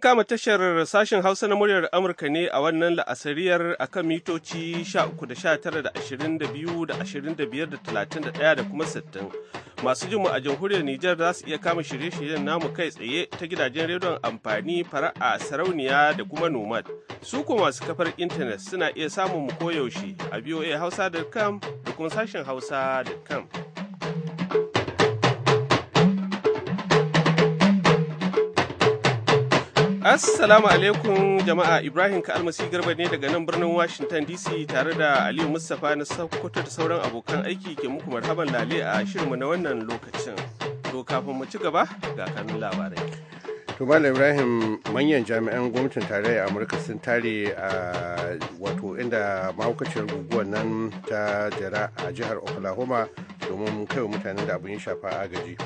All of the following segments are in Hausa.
kama tashar sashen Hausa na muryar Amurka ne a wannan la'asariyar a kan mitoci 13 da 22 da 25 da 31 da kuma 60. Masu jin a jamhuriyar Nijar za su iya kama shirye-shiryen namu kai tsaye ta gidajen rediyon amfani fara'a sarauniya da kuma nomad. Su kuma masu kafar intanet suna iya samun mu koyaushe a hausa.com da kuma sashen hausa.com. Assalamu alaikum jama'a Ibrahim Kalmasi Garba ne daga nan birnin Washington DC tare da Aliyu Mustapha na Sokoto da sauran abokan aiki ke muku marhaban lale a shirinmu na wannan lokacin. To kafin mu ci gaba ga kanun labarai. To Ibrahim manyan jami'an gwamnatin tarayya Amurka sun tare a wato inda mahaukaciyar guguwar nan ta jira a jihar Oklahoma domin kai mutanen da abin ya shafa agaji.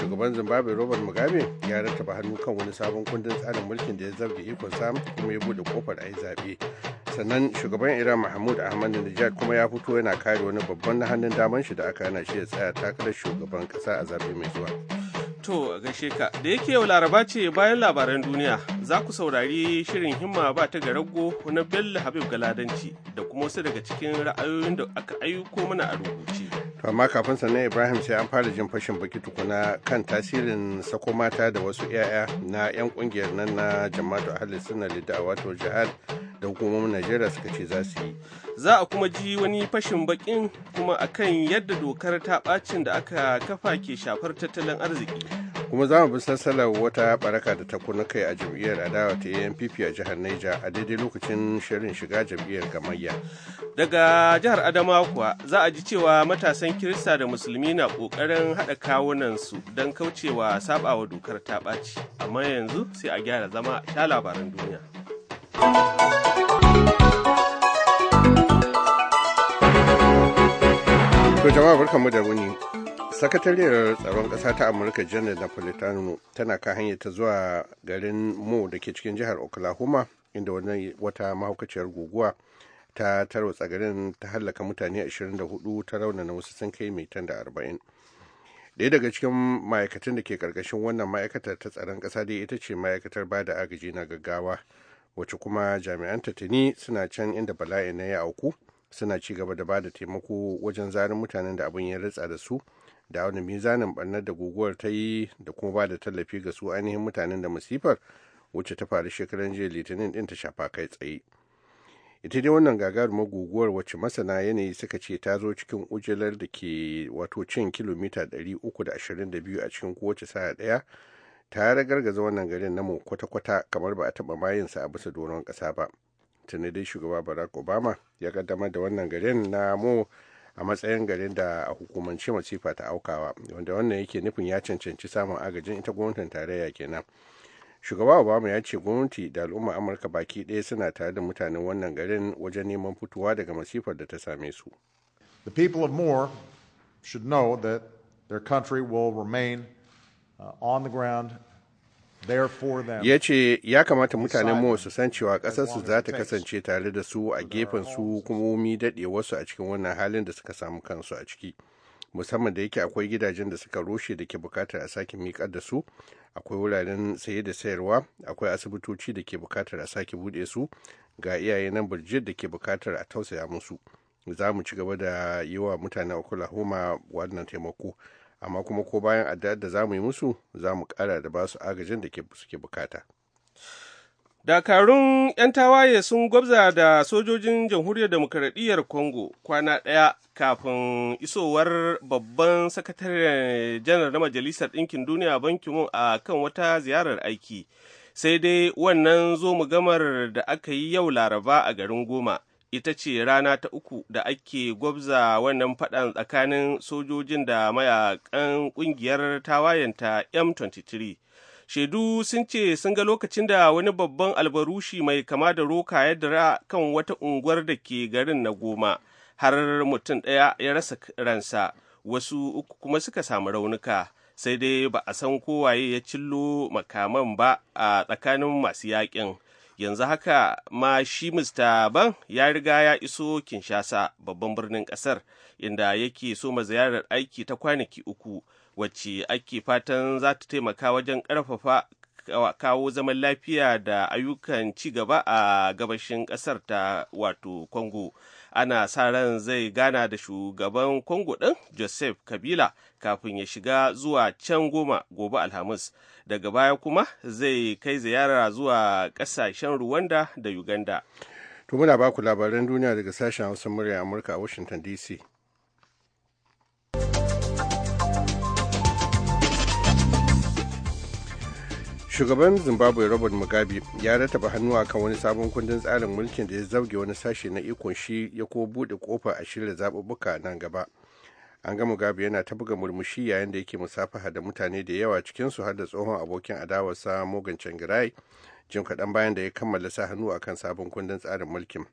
shugaban zimbabwe robert mugabe ya rattaba hannu kan wani sabon kundin tsarin mulkin da ya zarge ikon sam kuma ya bude kofar a yi zaɓe sannan shugaban iran mahmud ahmad najad kuma ya fito yana kare wani babban hannun daman shi da aka hana shi ya tsaya takarar shugaban ƙasa a zaɓe mai zuwa To gaishe ka da yake yau laraba ce bayan labaran duniya za ku saurari shirin himma ba ta garago na Bello Habib Galadanci da kuma wasu daga cikin ra'ayoyin da aka aiko mana a rubuce. To amma kafin sannan Ibrahim sai an fara jin fashin baki tukuna kan tasirin sako mata da wasu 'ya'ya na 'yan kungiyar nan na jama'atu ahalin sunna da wato jihad da hukumomin Najeriya suka ce za su yi. za a kuma ji wani fashin bakin kuma akan yadda dokar ta bacin da aka kafa ke shafar tattalin arziki kuma za mu bi sassalar wata baraka da ta kuna kai a jam'iyyar adawa ta ANPP a jihar Niger, a daidai lokacin shirin shiga jam'iyyar gamayya. Daga jihar Adamawa kuwa za a ji cewa matasan Kirista da Musulmi na ƙoƙarin haɗa su don kaucewa sabawa dokar ta ɓaci. Amma yanzu sai a gyara zama sha labaran duniya. ko jama'a barkanmu da wuni. Sakatariyar tsaron ƙasa ta Amurka Janet Napolitano tana ka hanyar ta zuwa garin Mo da ke cikin jihar Oklahoma inda wata mahaukaciyar guguwa ta tarwatsa garin ta hallaka mutane 24 ta na wasu sun kai mai da 40 Daya daga cikin ma'aikatan da ke karkashin wannan ma'aikatar ta tsaron ƙasa dai ita ce ma'aikatar ba da agaji na gaggawa wacce kuma jami'an ta suna can inda bala'i na ya auku suna ci gaba da bada taimako wajen zarin mutanen da abin ya ritsa da su da wani mizanin barnar da guguwar ta yi da kuma ba da tallafi ga su ainihin mutanen da masifar wacce ta faru shekaran jiya litinin din ta shafa kai tsaye ita dai wannan gagarumar guguwar wacce masana yanayi suka ce ta zo cikin ujilar da ke wato cin kilomita 322 a cikin kowace sa'a daya ta ragargaza wannan garin na mu kwata-kwata kamar ba a taba mayinsa a bisa doron ƙasa ba tuni dai shugaba barack obama ya kaddamar da wannan garin na mu a matsayin garin da a hukumance masifa ta aukawa wanda wannan yake nufin ya cancanci samun agajin ita gwamnatin tarayya kenan shugaba obama ya ce gwamnati da al'umma amurka baki ɗaya suna tare da mutanen wannan garin wajen neman fitowa daga masifar da ta same su the people of more should know that their country will remain uh, on the ground ya ya kamata mutanen mu su san cewa ƙasarsu za ta kasance tare da su a gefen su hukumomi daɗe wasu a cikin wannan halin da suka samu kansu a ciki musamman da yake akwai gidajen da suka roshe da ke bukatar a sake miƙar da su akwai wuraren saye da sayarwa akwai asibitoci da ke bukatar a sake buɗe su ga iyaye nan birjit da ke bukatar a tausaya musu za mu ci gaba da yi wa mutanen oklahoma wannan taimako amma kuma ko bayan adda da za mu yi musu za mu ƙara da ba su agajin da suke bukata. Dakarun 'yan tawaye sun gwabza da sojojin jamhuriyar demokaradiyyar Congo kwana ɗaya kafin isowar babban sakataren janar na Majalisar Ɗinkin Duniya Banki mu a kan wata ziyarar aiki, sai dai wannan zo mu gamar da aka yi yau Laraba a garin Goma. ita ce rana ta uku da ake gwabza wannan faɗan tsakanin sojojin da mayakan ƙungiyar tawayenta M23. Shaidu sun ce sun ga lokacin da wani babban albarushi mai kama da roka ya dira kan wata unguwar da ke garin na goma, har mutum ɗaya ya rasa ransa, wasu uku kuma suka samu raunuka. Sai dai ba a san kowaye ya cillo makaman ba a tsakanin masu yaƙin. yanzu haka ma shi Mr. Ban ya riga ya iso Kinshasa babban birnin kasar inda yake soma ziyarar aiki ta kwanaki uku wacce ake fatan za ta taimaka wajen ƙarfafa kawo zaman lafiya da ayyukan ci gaba a gabashin ƙasar ta wato Congo ana sa ran zai gana da shugaban Kongo ɗin joseph kabila kafin ya shiga zuwa can goma gobe alhamis daga baya kuma zai kai ziyara zuwa ƙasashen rwanda da uganda to muna baku labaran duniya daga sashen hausa murya amurka a washington dc shugaban zimbabwe robert mugabe ya rataba hannu akan wani sabon kundin tsarin mulkin da ya zauge wani sashe na ikon shi ya ko buɗe kofa a shirya zaɓuɓɓuka nan gaba an ga mugabe yana ta buga murmushi yayin da yake musafaha da mutane da yawa cikinsu har da tsohon abokin adawarsa morgan changirai jin kaɗan bayan da ya kammala sa hannu akan sabon kundin tsarin mulkin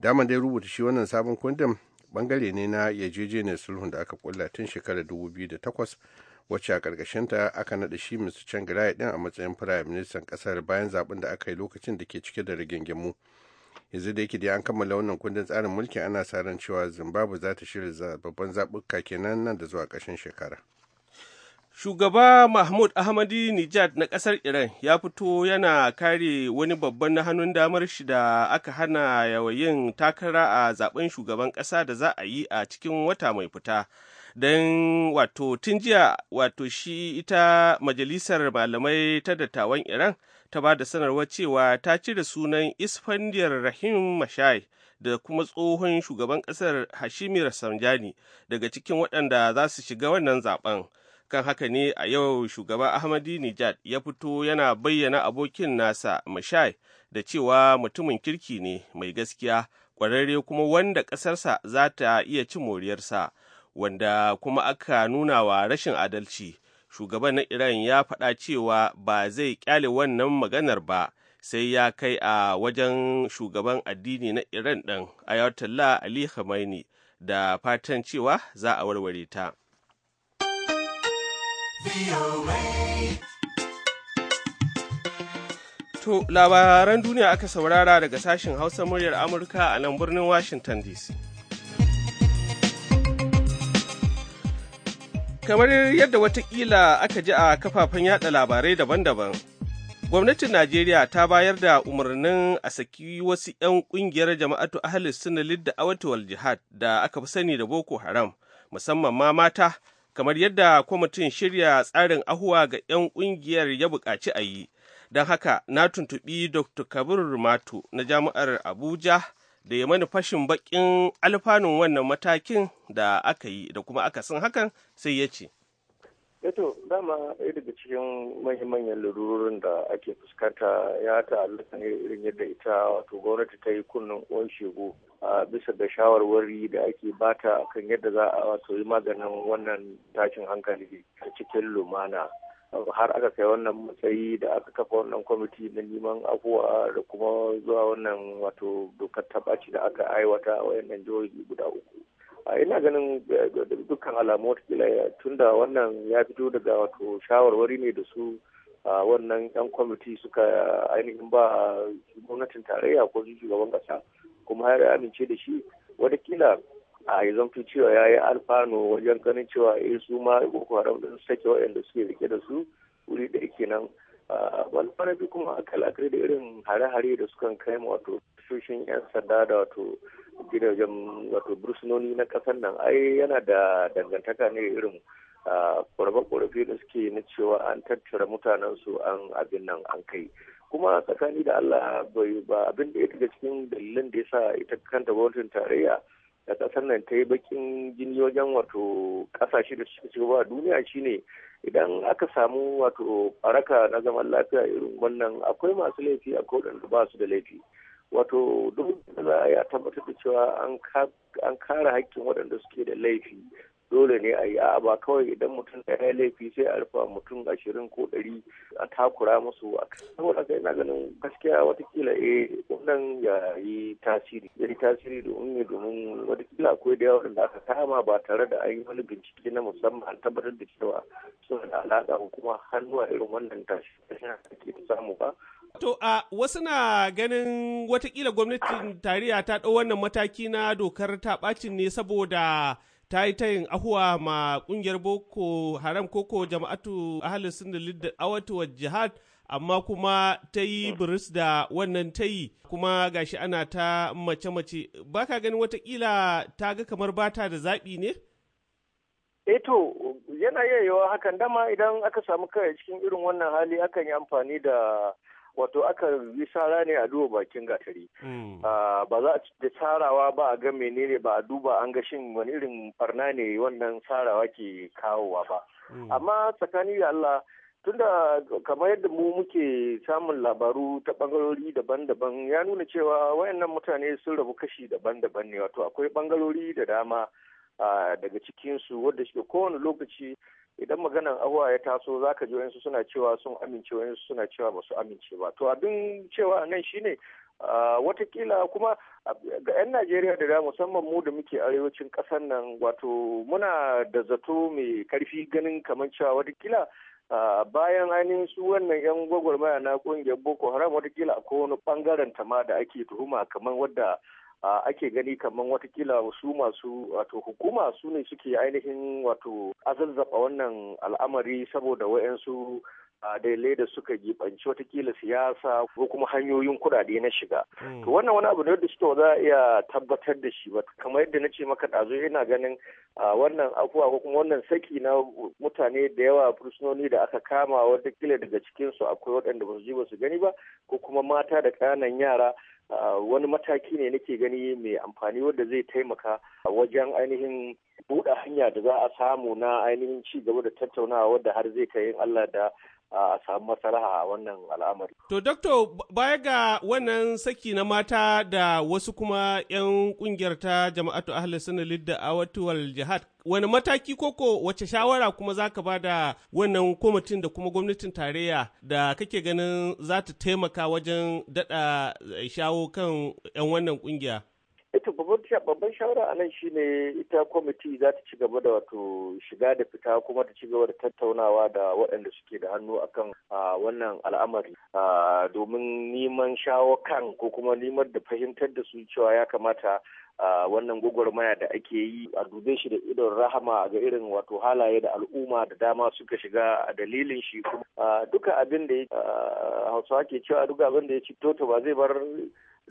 daman dai rubuta shi wannan sabon kundin bangare ne na ne sulhun da aka kulla tun shekarar 2008 wacce a ƙarƙashinta aka naɗa shi Mr. Changirai ɗin a matsayin Firayim Ministan ƙasar bayan zaben da aka yi lokacin da ke cike da rigingimu. Yanzu da yake da an kammala wannan kundin tsarin mulki ana sa ran cewa Zimbabwe za ta shirya babban zaɓuka kenan nan da zuwa ƙarshen shekara. Shugaba Mahmud Ahmadi Nijad na ƙasar Iran ya fito yana kare wani babban na hannun damar shi da aka hana yawayin takara a zaben shugaban ƙasa da za a yi a cikin wata mai fita. Don wato tun jiya wato shi ita majalisar malamai ta dattawan Iran ta ba da sanarwar cewa ta cire sunan Isfandiyar Rahim Mashai da kuma tsohon shugaban ƙasar Hashimi Rafsanjani daga cikin waɗanda za su shiga wannan zaben. kan haka ne a yau shugaba ahmadi nijad ya fito yana bayyana abokin nasa mashai da cewa mutumin kirki ne mai gaskiya ƙwararre kuma wanda ƙasarsa za ta iya ci moriyarsa wanda kuma aka nuna wa rashin adalci shugaban na iran ya faɗa cewa ba zai ƙyale wannan maganar ba sai ya kai a wajen shugaban addini na iran ɗin ayatollah ali khamenei da fatan cewa za a warware ta. To labaran duniya aka saurara daga sashen Hausa muryar Amurka a nan birnin Washington DC. Kamar yadda watakila aka ji a kafafen yada labarai daban-daban, gwamnatin Najeriya ta bayar da umarnin a saki wasu 'yan kungiyar jama'atu ahalis suna lidda awatuwal jihad da aka fi sani da Boko Haram, musamman ma mata kamar yadda kwamitin shirya tsarin ahuwa ga 'yan kungiyar ya buƙaci a yi don haka na tuntuɓi dr kabir mato na jami'ar abuja da ya mani fashin baƙin alfanun wannan matakin da aka yi da kuma aka san hakan sai ya ce Eto eh dama ɗaya daga cikin manyan lalurorin da ake fuskanta ya ta'allaka ne irin yadda ita wato gwamnati ta yi kunnen uwan shigo a bisa ga shawarwari da ake bata kan yadda za a wato yi maganin wannan tashin hankali a cikin lumana. har aka kai wannan matsayi da aka kafa wannan kwamiti na neman afuwa da kuma zuwa wannan wato dokar ta da aka aiwata a wayannan jihohi guda uku ina ganin eh, dukkan alamu watakila eh, tunda wannan ya fito daga wato shawarwari ne da su wannan yan kwamiti suka eh, ainihin ba gwamnatin tarayya ko shugaban kasa kuma har amince da shi watakila a ya cewa ya yi alfano wajen ganin cewa eh su ma boko haram din sake waɗanda suke rike da su wuri da kenan wani farabi kuma a kalakari da irin hare-hare da sukan kai wato tashoshin 'yan sanda da wato gidajen wato bursunoni na kasar nan ai yana da dangantaka ne irin ƙorafe-ƙorafe da suke na cewa an tattara mutanen su an abin nan an kai kuma tsakani da allah bai ba abin da ya daga cikin dalilin da ya sa ita kanta gwamnatin tarayya da kasar nan ta yi bakin jini wajen wato kasashe da suka ci gaba duniya shine idan aka samu wato baraka na zaman lafiya irin wannan akwai masu laifi akwai wadanda ba su da laifi wato duk da ya tabbatar da cewa an kare haƙƙin waɗanda suke da laifi dole ne a yi a ba kawai idan mutum ɗaya ya laifi sai a rufa mutum ashirin ko ɗari a takura musu a saboda haka ina ganin gaskiya watakila eh wannan ya yi tasiri ya yi tasiri domin ya domin watakila akwai da yawan da aka kama ba tare da an yi wani bincike na musamman an tabbatar da cewa suna da alaƙa ko kuma hannuwa irin wannan tashi da ke samu ba To a wasu na ganin watakila gwamnatin tarayya ta ɗau wannan mataki na dokar ta ɓacin ne saboda ta yi tayin ahuwa ma ƙungiyar Boko Haram koko jama'atu ahalin sindalin da wa jihad amma kuma ta yi biris da wannan ta yi kuma gashi ana ta mace-mace ba ka ganin watakila ta ga kamar bata da zaɓi ne? Eto eh yana iya hakan dama idan aka samu kai cikin irin wannan hali akan yi amfani da wato aka yi sara ne a duba bakin gatari hmm. ah, ba za a sarawa ba a ga menene ba a duba an ga shin wani irin barna ne wannan sarawa ke kawowa ba hmm. amma tsakani da Allah tunda kamar yadda mu muke samun labaru ta bangarori daban-daban ya nuna cewa wayannan mutane sun rabu kashi daban-daban ne wato akwai bangarori da dama ah, daga cikinsu wadda shi kowane lokaci idan maganan abuwa ya taso za ka ji wayansu suna cewa sun amince wayansu suna cewa ba su amince ba to abin cewa nan shine watakila kuma ga 'yan najeriya da da musamman mu da muke arewacin ƙasar nan wato muna da zato mai karfi ganin kamar cewa watakila bayan ainihin su wannan 'yan gwagwarmaya na kungiyar boko haram watakila akwai wani bangaren ta ma da ake tuhuma kamar wadda ake gani kamar watakila wasu masu wato hukuma su ne suke ainihin wato azalzaba wannan al'amari saboda wayansu daidai da suka jibanci watakila siyasa ko kuma hanyoyin kuɗaɗe na shiga. Hmm. To wannan wani abu ne da suke za a iya tabbatar da shi ba. Kamar yadda na ce maka ɗazu ina ganin wannan afuwa ko kuma wannan saki na mutane da yawa fursunoni da aka kama watakila daga cikinsu akwai waɗanda ba su ji ba su gani ba ko kuma mata da ƙananan yara wani mataki ne nake gani mai amfani wadda zai taimaka a wajen ainihin buɗe hanya da za a samu na ainihin ci gaba da tattaunawa wadda har zai kai Allah da a samu masalaha a wannan al'amari. To, Dokto, baya ga wannan saki na mata da wasu kuma 'yan kungiyar ta jama'atu ahli sanalid da awatuwar jihad, wani mataki koko wace shawara kuma za ka ba da wannan kwamitin da kuma gwamnatin tarayya da kake ganin za ta taimaka wajen daɗa eh, shawo kan 'yan wannan kungiya? wato babban shawara a nan shine ita kwamiti za ta ci gaba da wato shiga da fita kuma ta ci gaba da tattaunawa da waɗanda suke da hannu akan wannan al'amari domin neman shawo kan ko kuma neman da fahimtar da su cewa ya kamata wannan gwagwarmaya da ake yi a dube shi da idon rahama ga irin wato halaye da al'umma da dama suka shiga a dalilin shi duka abin da ya hausawa ke cewa duka abin da ya ci toto ba zai bar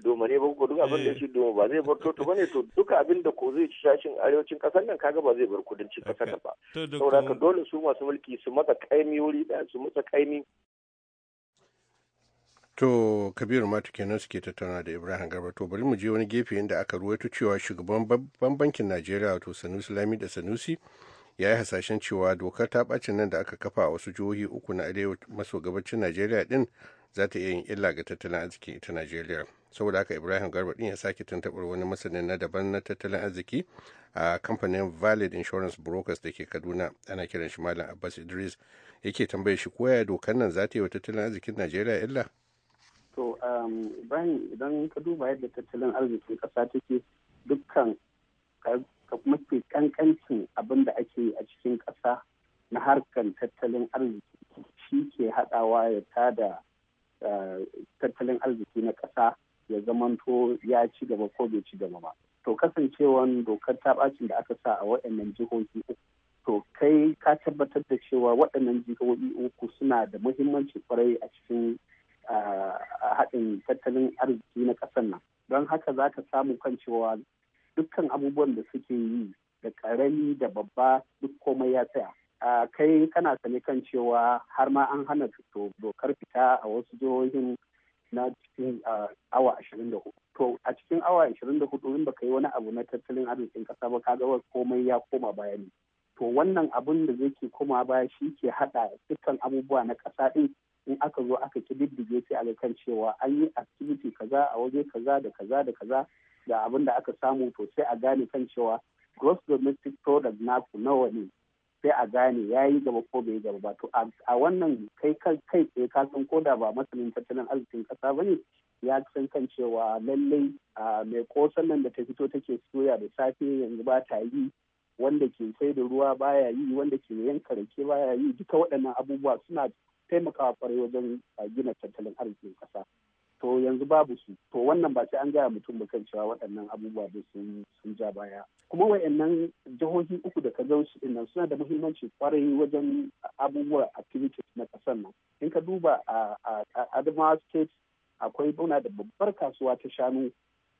doma ne ba ko duk abin da eh. shi doma ba zai bar toto bane to duka abin da ko zai ci shashin arewacin kasar nan kaga ba zai bar kudancin kasar nan ba saboda ka dole su masu mulki su matsa kaimi wuri da su matsa kaimi To Kabiru Matu kenan suke tattauna da Ibrahim Garba to bari mu je wani gefe inda aka ruwaito cewa shugaban babban bankin Najeriya wato Sanusi Lami da Sanusi ya yi hasashen cewa dokar ta bacin nan da aka kafa a wasu jihohi uku na arewa maso gabacin Najeriya din zata ta iya yin illa ga tattalin arzikin ita Najeriya. saboda haka ibrahim garba din ya sake tuntubar wani masanin na daban na tattalin arziki a kamfanin valid insurance brokers da ke kaduna ana kiran shi malam abbas idris yake tambaye shi koya dokan nan za ta yi wa tattalin arzikin najeriya illa to um, ibrahim idan ka duba yadda tattalin arzikin ta take dukkan mafi kankancin abin da ake yi a cikin kasa na harkan tattalin arziki shi ke haɗawa ya tada uh, tattalin arziki na ƙasa ya zamanto ya ci gaba ko bai ci gaba ba to kasancewan dokar ta bacin da aka sa a waɗannan jihohi uku to kai ka tabbatar da cewa waɗannan jihohi uku suna da muhimmanci kwarai a cikin haɗin tattalin arziki na ƙasar nan don haka za ka samu kan cewa dukkan abubuwan da suke yi da ƙarami da babba duk komai ya tsaya kai kana sane kan cewa har ma an hana fito dokar fita a wasu jihohin na cikin awa ashirin da hudu to a cikin awa ashirin da hudu in baka yi wani abu na tattalin arzikin kasa ba ka ga komai ya koma baya ne to wannan abun da zai ke koma baya shi ke haɗa dukkan abubuwa na ƙasa ɗin in aka zo aka kididdige sai a ga kan cewa an yi activity kaza a waje kaza da kaza da kaza da abun da aka samu to sai a gane kan cewa gross domestic product naku nawa ne sai a gane ya yi gaba ko bai gaba ba to a wannan kai kai tsaye ka san koda ba masanin tattalin arzikin kasa ba ne ya san kan cewa lallai mai kosan nan da ta fito take soya da safe yanzu ba ta yi wanda ke sai da ruwa baya yi wanda ke yanka rake baya yi duka waɗannan abubuwa suna taimakawa kwarai wajen gina tattalin arzikin kasa to yanzu babu su to wannan ba sai an gaya mutum ba kan cewa waɗannan abubuwa da sun sun ja baya kuma wayannan jihohi uku da ka zo din nan suna da muhimmanci kwarai wajen abubuwa activities na ƙasar nan in ka duba a Adamawa state akwai muna da babbar kasuwa ta shanu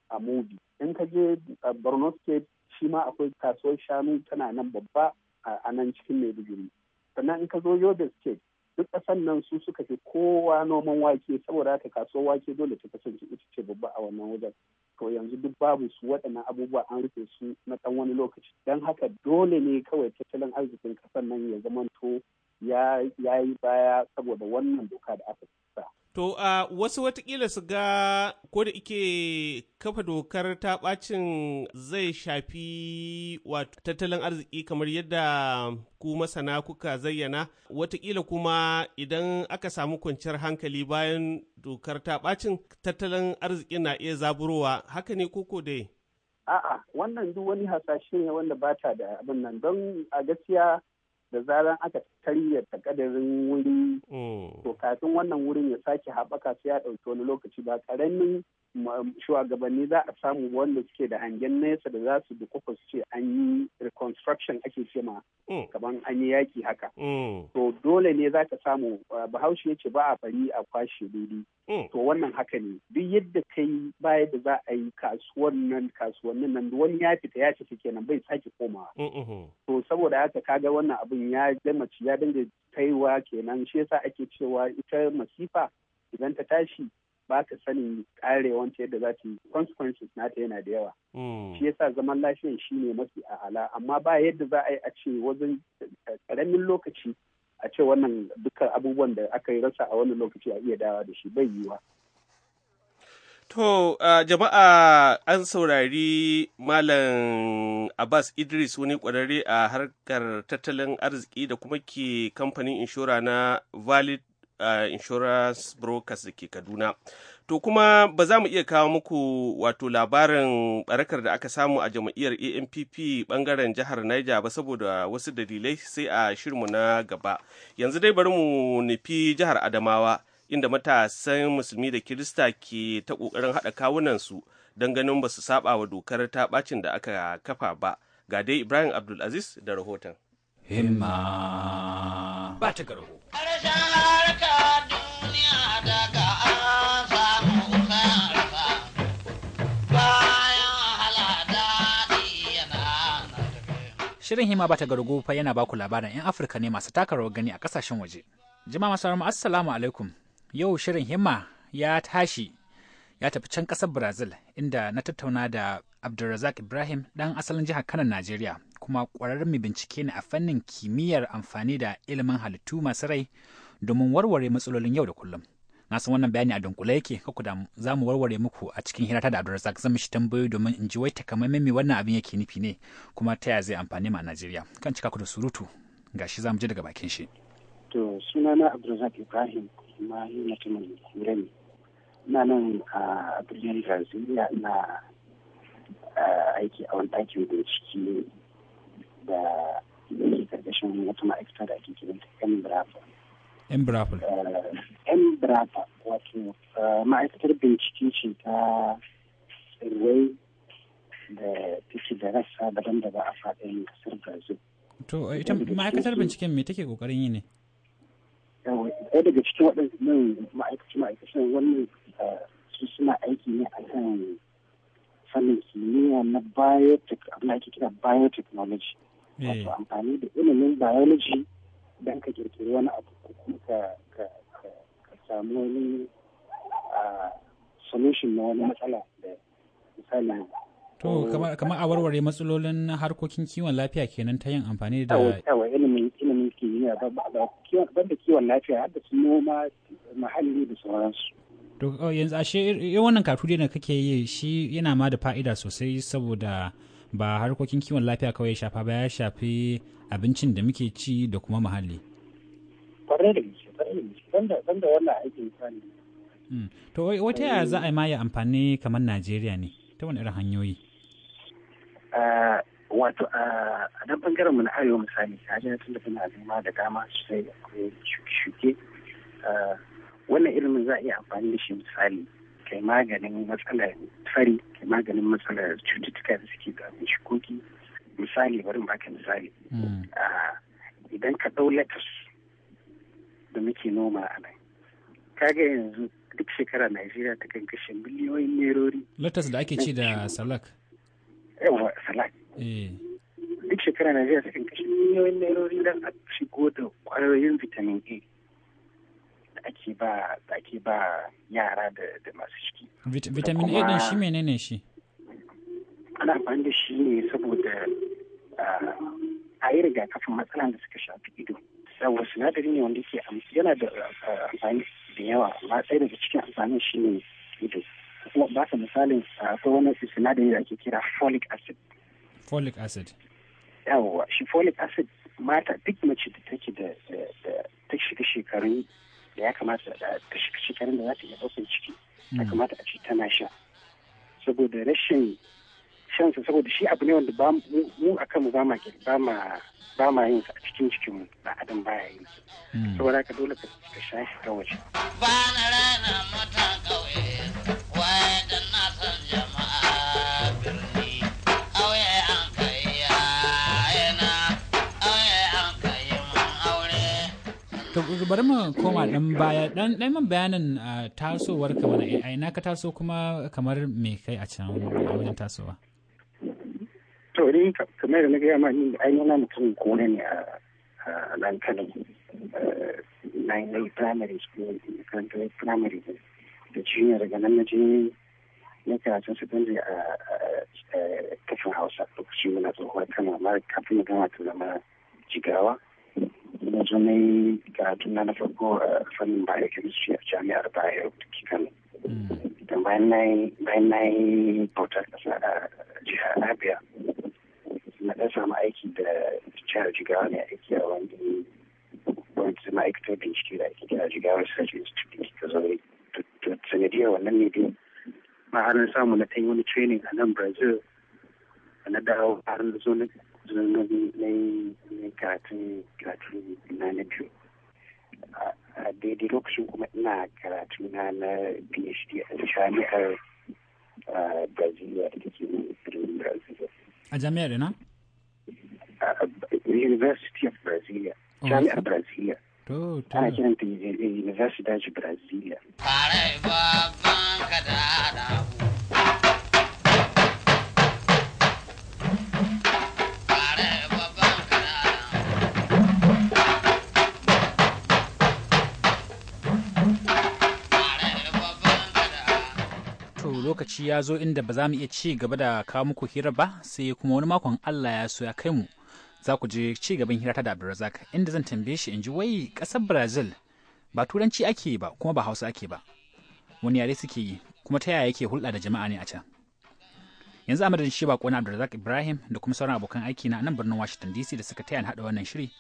a Mubi in ka je Borno state shi ma akwai kasuwar shanu tana nan babba a nan cikin Maiduguri sannan in ka zo Yobe state duk ƙasan nan su suka fi kowa noman wake saboda haka kasuwar wake dole ta kasance ita ce babba a wannan wajen to yanzu duk babu su waɗannan abubuwa an rufe su na ɗan wani lokaci don haka dole ne kawai tattalin arzikin ƙasan nan ya zamanto ya yi baya saboda wannan doka da aka To, a uh, wasu watakila su ga ko da ike kafa dokar ta bacin zai shafi wato tattalin arziki kamar yadda ku masana kuka zayyana, watakila kuma idan aka samu kwanciyar hankali bayan dokar ta bacin tattalin arziki na iya zaburowa, haka ne koko dai? A'a, wannan duk wani hasashe ne wanda bata da abin nan don a gaskiya da zaran aka karya kadarin wuri mm. to kafin wannan wurin ya sake haɓaka sai ya ɗauki wani lokaci ba ƙaramin shugabanni za a samu wanda suke da hangen nesa da za su dukufa su ce an yi reconstruction ake ce ma mm. kaman an yi yaki haka. Mm. To dole ne za ka samu uh, bahaushe ya ce ba a bari a kwashe daidai. Mm. To wannan haka ne duk yadda kai baya da za a yi kasuwan nan kasuwannin nan wani ya fita ya fita kenan bai sake komawa. To saboda haka kaga wannan abin ya zama ya dinga kaiwa kenan shi yasa ake cewa ita masifa idan ta tashi ba ta sanin karewan ta yadda za ta yi consequences na ta yana da yawa hmm. shi yasa zaman lafiyan shi ne mafi a'ala amma ba yadda za a yi a ce wajen karamin lokaci a ce wannan dukkan abubuwan da aka yi rasa a wannan lokaci a iya dawa da shi bai yiwa To, jama'a an saurari Malam Abbas Idris wani kwararre a harkar tattalin arziki da kuma ke kamfanin inshora na Valid uh, insurance brokers da ke kaduna to kuma ba za mu iya kawo muku wato labarin barakar da aka samu a jam'iyyar ampp bangaren jihar niger ba saboda wasu dalilai sai a shirmu na gaba yanzu dai bari mu nufi jihar adamawa inda matasan musulmi da kirista ke ta ƙoƙarin haɗa kawunansu don ganin ba su saba wa dokar ta bacin da aka kafa ba ga dai ibrahim abdulaziz da rahoton himma ba ta Shirin hima bata gargo fa yana ba ku labarin 'yan Afirka ne masu taka rawar gani a ƙasashen waje. Jima masu rama assalamu alaikum. Yau shirin himma ya tashi ya tafi can ƙasar Brazil inda na tattauna da Abdulrazak Ibrahim ɗan asalin jihar Kanan Najeriya kuma ƙwararren mai bincike ne a fannin kimiyyar amfani da ilimin halittu masu rai domin warware matsalolin yau da kullum. Na san wannan bayani a dunkule yake kaku da za mu warware muku a cikin ta da Abdulrazak zan mishi tambayoyi domin in ji wai takamaimai mai wannan abin yake nufi ne kuma ta yaya zai amfani ma a Najeriya. Kan cika ku da surutu gashi za mu je daga bakin shi. To sunana Abdulrazak Ibrahim kuma ni mutumin ne. Ina nan a birnin Brazil na aiki a wani ɗakin bincike da ke karkashin wata ma'aikata da ake kiranta embrapa embrapa eh, embrapa wato eh, ma'aikatar bincike ce ta tsirrai da take da rassa daban-daban a faɗin kasar brazil to eh, ita ma'aikatar binciken me take kokarin yi ne ɗaya daga cikin waɗannan ma'aikacin ma'aikacin wannan su suna aiki ne a kan fannin kimiyya na biotech abin da ake kira biotechnology Eh. wato amfani da ilimin biology don ka kirkiri wani abu ko kuma ka samu wani solution na wani matsala da misali To kamar a warware matsalolin harkokin kiwon lafiya kenan ta yin amfani da yawa ilimin ilimin kimiyya ban da kiwon lafiya har da su noma muhalli da sauransu. To oh, yanzu ashe wannan katu da kake yi shi yana ma da fa'ida sosai saboda ba harkokin kiwon lafiya kawai ya shafa ba ya shafi abincin da muke ci da kuma muhalli. da mm. To wata ya za a yi ma ya amfani kamar Najeriya ne ta wani irin hanyoyi? Ah, wato ah, a dan bangaren mu na arewa misali, a jina tun da tana zama da dama sosai akwai shuke-shuke. Ah, wannan ilimin za a iya amfani da shi misali kai maganin matsalar fari kai maganin matsalar cututtuka da suke damun shikoki misali bari baka misali hmm. ah, idan ka ɗau latas da muke noma a nan kaga yanzu duk shekara najeriya ta kan kashe miliyoyin nerori latas da ake ce da salak yawa salak eh. duk shekara najeriya ta kan kashe miliyoyin nerori don a shigo da kwayoyin vitamin a ake ba ake ba yara da da masu ciki vitamin A din shi menene shi ana amfani da shi ne saboda a yi rigakafin matsalan da suka shafi ido saboda sinadari ne wanda ke yana da amfani da yawa amma daga cikin amfanin shi ne ido kuma ba sa misalin akwai wani sinadari da ake kira folic acid folic acid yawo shi folic acid mata duk mace da take da ta shiga shekarun da ya kamata da karin da za ta iya ɗaukan ciki ya hmm. kamata a ci tana sha saboda rashin shansa saboda shi abu ne wanda mu a kanmu ba ma ba ma yin sa a cikin cikinmu ba adam baya yin su hmm. saboda haka dole ka sha shi ta waje. Ba na rana mata bari mu koma dan baya dan dan man bayanin tasowar ka mana ai na ka taso kuma kamar me kai a can wajen tasowa to ni kamar da na gaya ai ni ainihin na mutum kone ne a nan kano eh, na primary school makarantar primary da junior daga nan ne je na karatun secondary a kafin hausa lokacin muna tsohuwar kano amma kafin mu gama ta zama jigawa መጀመሪ ከአዱና ነፈጎ ፈንም ባዮ ኬሚስትሪ አፍ ጃሚያር ባይናይ ፕሮጀክት jiha abia na ɗan samu aiki da jihar jigawa ne aiki a wani wani ma'aikatar bincike da ake kira jigawa research institute ta zaure sanadiyar wannan ne dai ma zunubi na karatun na a kuma ina karatu na na phd a jami'ar Brazil da ke birnin A jami'ar University of Brasilia. Jami'ar Brasilia. To, to. Ana kiranta Universidade Brasilia. lokaci ya zo inda ba za mu iya ci gaba da kawo muku hira ba sai kuma wani makon Allah ya so ya kai mu za ku je ci gaban hira ta da Abdulrazak inda zan tambaye shi in ji wai ƙasar Brazil ba turanci ake ba kuma ba Hausa ake ba wani yare suke yi kuma ta yaya yake hulɗa da jama'a ne a can yanzu a madadin shi ba na Abdulrazak Ibrahim da kuma sauran abokan aiki na nan birnin Washington DC da suka taya ni wannan shiri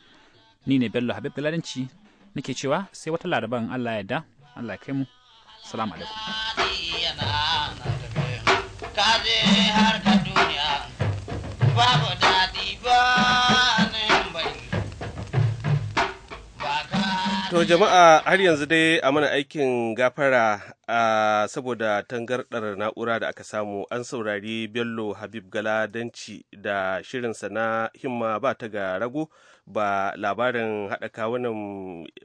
ni ne Bello Habib Galadanci nake cewa sai wata in Allah ya yarda Allah ya kai mu Salam alaikum kaje har duniya babu daɗi ba To jama'a har yanzu dai a mana aikin gafara a saboda tangarɗar na'ura da aka samu an saurari Bello Habib gala danci da shirinsa na himma ba ta ga rago ba labarin haɗa kawunan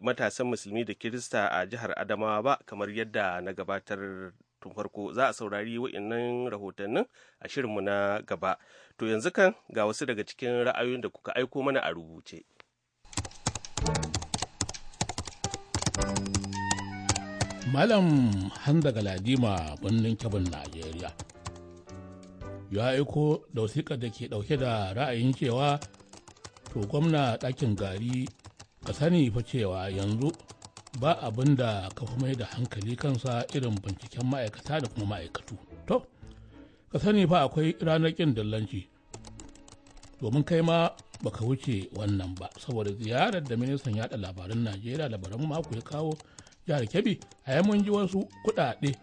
matasan musulmi da Kirista a jihar Adamawa ba kamar yadda na gabatar tun farko za a saurari wa'innan rahotannin a shirinmu na gaba to yanzu kan ga wasu daga cikin ra'ayoyin da kuka aiko mana a rubuce malam hanza galadima birnin kebin najeriya ya aiko da wasiƙar da ke ɗauke da ra'ayin cewa to gwamna ɗakin gari ka sani fa cewa yanzu ba abin da ka fi mai da hankali kansa irin binciken ma'aikata da kuma ma'aikatu to ka sani fa akwai ranar ƙin dallanci domin kai ma baka wuce wannan ba saboda ziyarar da ministan yada labarin najeriya labaran mako ya kawo jihar kebbi a yi mun ji wasu kuɗaɗe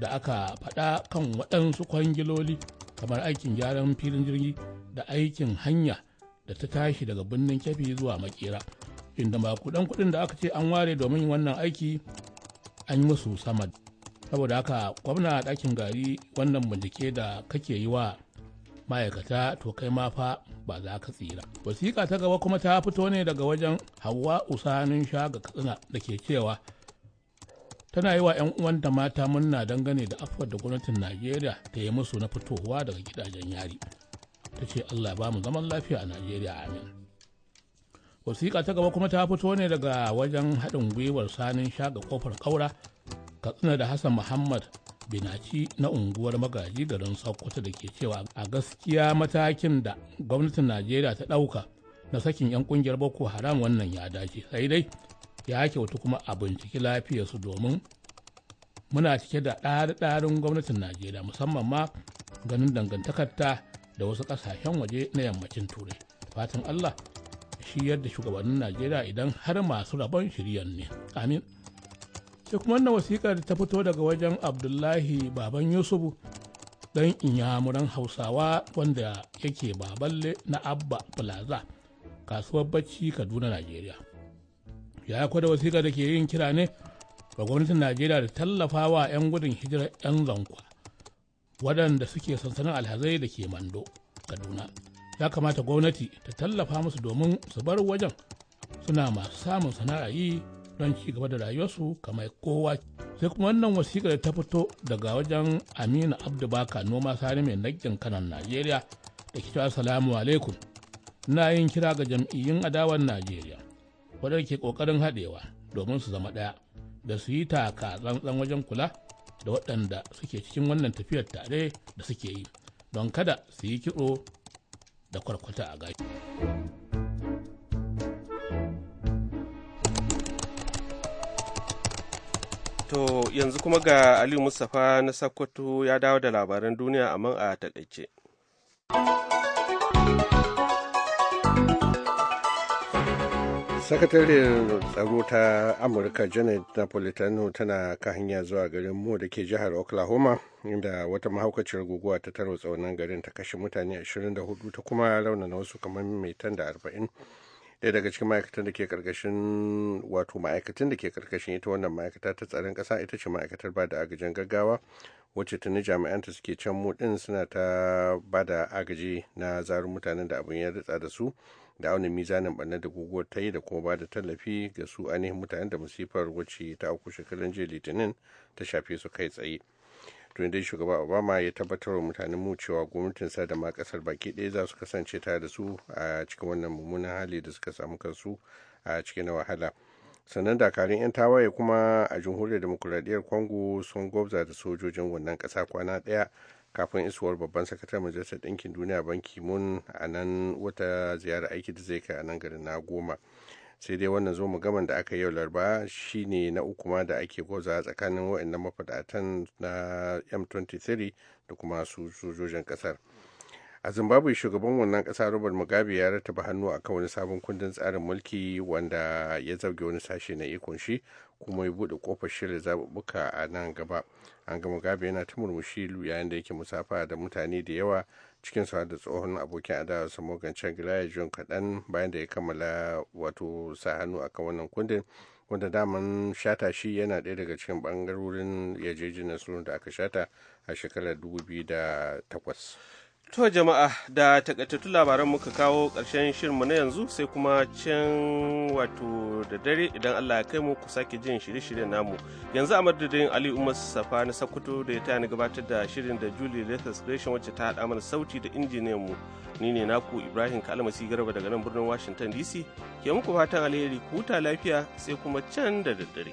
da aka faɗa kan waɗansu kwangiloli kamar aikin gyaran filin jirgi da aikin hanya da ta tashi daga birnin kebbi zuwa makera inda makudan kuɗin da aka ce an ware domin wannan aiki an yi musu sama saboda haka gwamna ɗakin gari wannan bincike da kake yi wa ma'aikata to kai ma fa ba za ka tsira wasiƙa ta gaba kuma ta fito ne daga wajen hawa usanin ga katsina da ke cewa tana yi wa 'yan uwanta mata murna dangane da afuwar da gwamnatin najeriya ta yi musu na fitowa daga gidajen yari ta ce allah ba mu zaman lafiya a najeriya amin wasiƙa ta gaba kuma ta fito ne daga wajen haɗin gwiwar sanin shaga kofar ƙaura katsina da hassan muhammad binaci na unguwar magaji garin sokoto da ke cewa a gaskiya matakin da gwamnatin najeriya ta ɗauka na sakin 'yan kungiyar boko haram wannan ya dace sai dai ya kyautu kuma a binciki lafiyarsu domin muna cike da ɗari-ɗarin gwamnatin najeriya musamman ma ganin dangantakarta da wasu ƙasashen waje na yammacin turai fatan allah ciyar da shugabannin najeriya idan har masu rabon shiryan ne amin sai kuma wannan wasiƙar ta fito daga wajen abdullahi baban yusuf ɗan inyamuran hausawa wanda yake baballe na abba plaza kasuwar bacci kaduna najeriya ya kwada wasikar da ke yin kira ne ga gwamnatin najeriya da tallafa wa 'yan gudun hijirar 'yan zankwa waɗanda suke sansanin alhazai da ke mando kaduna ya kamata gwamnati ta tallafa musu domin su bar wajen suna masu samun sana'a yi don ci gaba da rayuwarsu kamar kowa sai kuma wannan wasiƙar ta fito daga wajen aminu abdubaka noma sani mai nagin kanan najeriya da ke asalamu alaikum na yin kira ga jam'iyyun adawan najeriya wadanda ke ƙoƙarin haɗewa domin su zama ɗaya da su yi taka tsantsan wajen kula da waɗanda suke cikin wannan tafiyar tare da suke yi don kada su yi kiɗo. da kwarkwata a gashi. To yanzu kuma ga Ali Mustapha na Sakkwato ya dawo da labaran duniya amma a takaice. sakatariyar tsaro ta amurka janet napolitano tana kan hanya zuwa garin mu da ke jihar oklahoma inda wata mahaukaciyar guguwa ta taro tsaunin garin ta kashe mutane 24 ta kuma raunana wasu kamar mai tan da 40 daya daga cikin ma'aikatan da ke karkashin wato ma'aikatan da ke karkashin ita wannan ma'aikata ta tsaron kasa ita ce ma'aikatar ba da agajin gaggawa wacce tuni jami'anta suke can mu ɗin suna ta ba da agaji na zarar mutanen da abin ya ritsa da su da auna mizanin barna da guguwar ta yi da kuma ba da tallafi ga su ainihin mutanen da masifar wacce ta auku shekarun jiya litinin ta shafe su kai tsaye tun dai shugaba obama ya tabbatar wa mutanen mu cewa gwamnatinsa da ma kasar baki ɗaya za su kasance tare da su a cikin wannan mummunan hali da suka samu kansu a cikin na wahala sannan dakarun 'yan tawaye kuma a jamhuriyar demokuraɗiyyar congo sun gwabza da sojojin wannan ƙasa kwana ɗaya kafin isuwar babban sakataren majalisar ɗinkin duniya banki mun a nan wata ziyara aiki da zai kai a nan garin na goma sai dai wannan zo mu gaban da aka yau laraba shine na uku ma da ake goza tsakanin waɗannan mafadatan na m23 da kuma su sojojin ƙasar a zimbabwe shugaban wannan ƙasa robert mugabe ya rattaba hannu akan wani sabon kundin tsarin mulki wanda ya zauge wani sashe na ikon shi kuma ya buɗe kofar shirin zaɓuɓɓuka a nan gaba an ga mugabe yana ta murmushi yayin da yake musafa da mutane da yawa cikin su da tsohon abokin adawa su morgan chagla john kaɗan bayan da ya kammala wato sa hannu akan wannan kundin wanda daman shata shi yana ɗaya daga cikin ɓangarorin yajejin sulhun da aka shata a shekarar 2008 To jama'a da takaitattun labaran muka kawo ƙarshen shirinmu na yanzu sai kuma can wato da dare idan Allah ya kai mu ku sake jin shirye shirye namu. Yanzu a madadin Ali Umar Safa na Sokoto da ya tayani gabatar da shirin da Julie Lathas Gresham wacce ta haɗa mana sauti da injiniyan mu. Ni ne naku Ibrahim Kalmasi Garba daga nan birnin Washington DC. Ke muku fatan alheri ku huta lafiya sai kuma can da daddare.